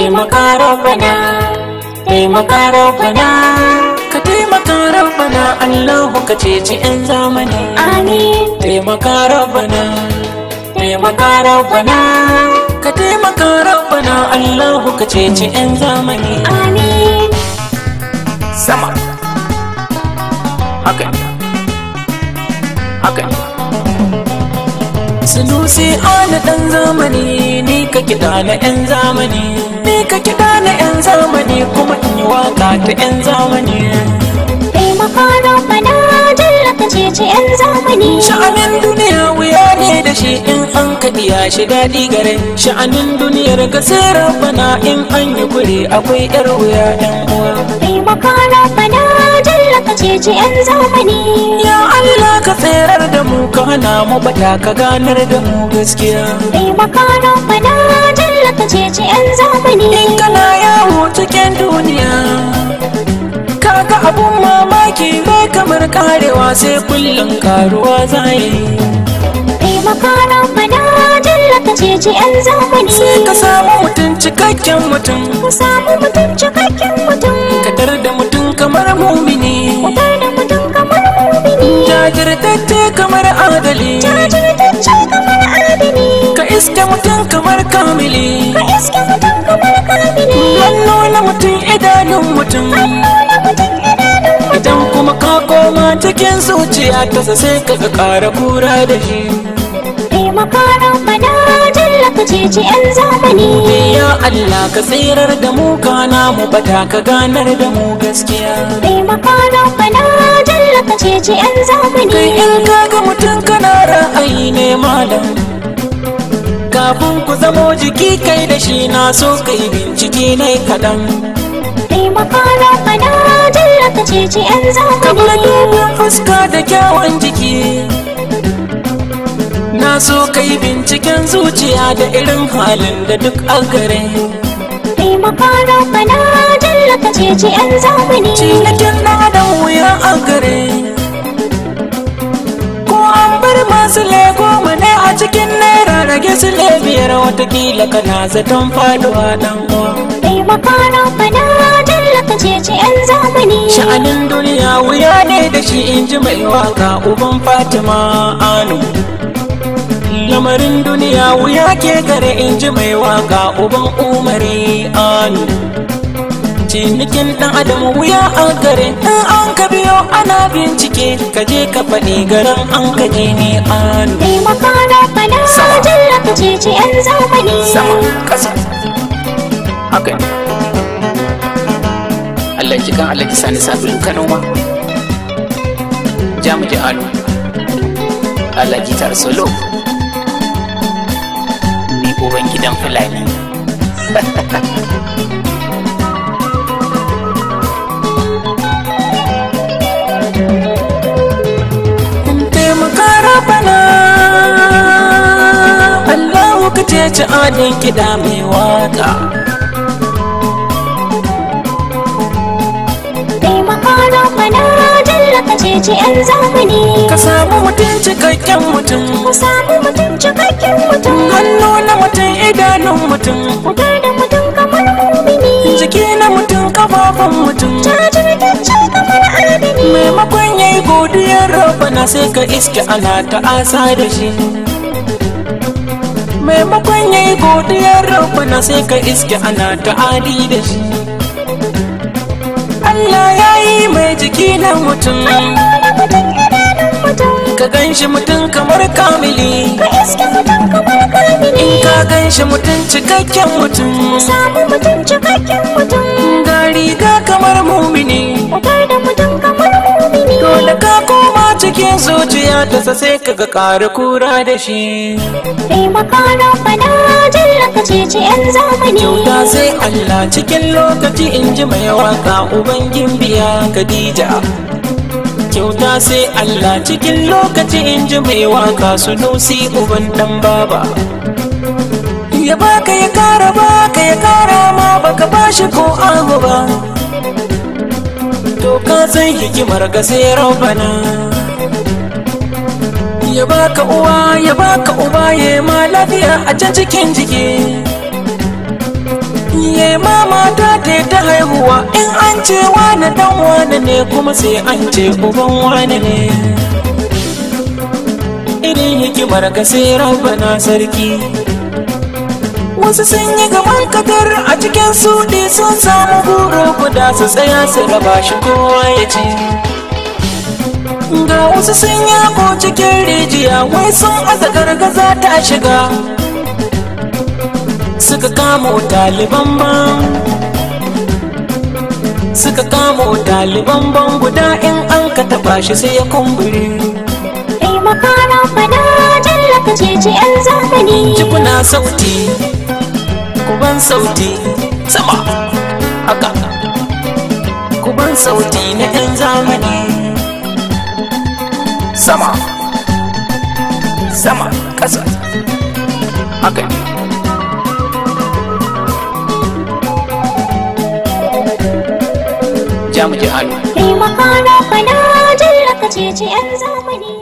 taimaka rabbana taimaka rabbana ka taimaka rabbana Allahu ka ceci yan zamani amin taimaka rabbana taimaka rabbana ka taimaka rabbana Allahu ka ceci yan zamani amin sama haka haka Sunusi ana dan zamani ni ka kiɗa na 'yan zamani Ni ka kiɗa na 'yan zamani kuma in yi waka ta 'yan zamani Taimaka bana jalla 'yan zamani Sha'anin duniya wuya ne da shi in an ka ya shi daɗi gare Sha'anin duniyar ka sai bana in an yi kure akwai 'yar wuya 'yan uwa makana bana ka cece yan zamani ya Allah ka tserar da mu ka hana mu bata ka ganar da mu gaskiya kai makana fada jalla ka cece yan zamani in kana yawo cikin duniya kaga abun mamaki bai kamar karewa sai kullum karuwa zai kai makana fada jalla ka cece yan zamani sai ka samu mutum cikakken mutum ka samu mutum cikakken mutum ka dar da mutum kamar mumin Jajirtacce kamar adali Ka iske mutum kamar kamili Ka nuna mutum Hannu na mutum idanun mutum Idan kuma ka koma cikin zuciya ta sai ka ƙara kura da shi Taimaka nan ka 'yan zamani ya Allah ka tsirar da mu kana mu bata ka ganar da mu gaskiya taimaka bana jalla ka 'yan zamani kai in kaga mutum kana ra'ayi ne malam kafin ku zamo jiki kai da shi na so kai bincike ne kaɗan taimaka rabbana jalla ka 'yan zamani fuska da kyawun jiki na so kai binciken zuciya da irin halin da duk a gare taimaka na fana jalla ka ceci yan zamani cikin na da wuya a gare ko an bar masu lego mane a cikin naira rage su lebiyar watakila kana zaton faduwa dan uwa taimaka na fana jalla ka ceci zamani sha'anin duniya wuya ne da shi in ji mai waka uban fatima anu lamarin duniya wuya ke gare in ji mai waka uban umari an cinikin dan adam wuya a gare in an ka biyo ana bincike ka je ka faɗi garin an ka je ne anu ne makana fana jarraka ce yan zamani sama kasa haka ne Allah ki kan Allah ki sani sa sabulu kanoma jamu ji alu Allah ki tar solo uban gidan fulani ci adin kiɗa mai waka Taimakona mana jalla ka ci 'yan zamani Ka samu mutum cikakken mutum Ka samu mutum cikakken mutum Hannu na mutum wutar da mutum kamar mumini jiki na mutum kafafan mutum jajirtacce kamar adini maimakon yayi godiyar rabana sai ka iske ana ta asa da shi maimakon yayi godiyar rabana sai ka iske ana ta adi da shi Allah ya yi mai jiki na mutum ka gan shi mutum kamar kamili in ka gan shi mutum cikakken mutum samu ga riga kamar mumini da dole ka koma cikin zuciya ta sase ka ga kura da shi makara jalla ka kyauta sai Allah cikin lokaci in ji mai waka uban gimbiya Khadija kyauta sai Allah cikin lokaci in ji mai waka su nusi uban dan baba ya baka ya kara baka ya kara ma baka bashi ko abu ba to ka san hikimar ga sai rabbana ya baka uwa ya baka uba ya ma lafiya a can cikin jiki ye mama ta te ta haihuwa in an ce wani dan wani ne kuma sai an ce uban wani ne irin hikimar ka sai rabana sarki wasu sun yi gaban kadar a cikin suɗi sun samu guru guda su tsaya su raba shi kowa ya ci ga wasu sun yako cikin rijiya wai sun aza gargaza ta shiga kamo daliban ban suka kamo daliban ban guda in an ka taba shi sai ya kumbure ai makara fada jalla ka ci yan zamani jikuna sauti kuban sauti sama haka kuban sauti na yan zamani sama sama kasa haka ne za mu ji hannu. Taimaka na fana jan ce 'yan zamani.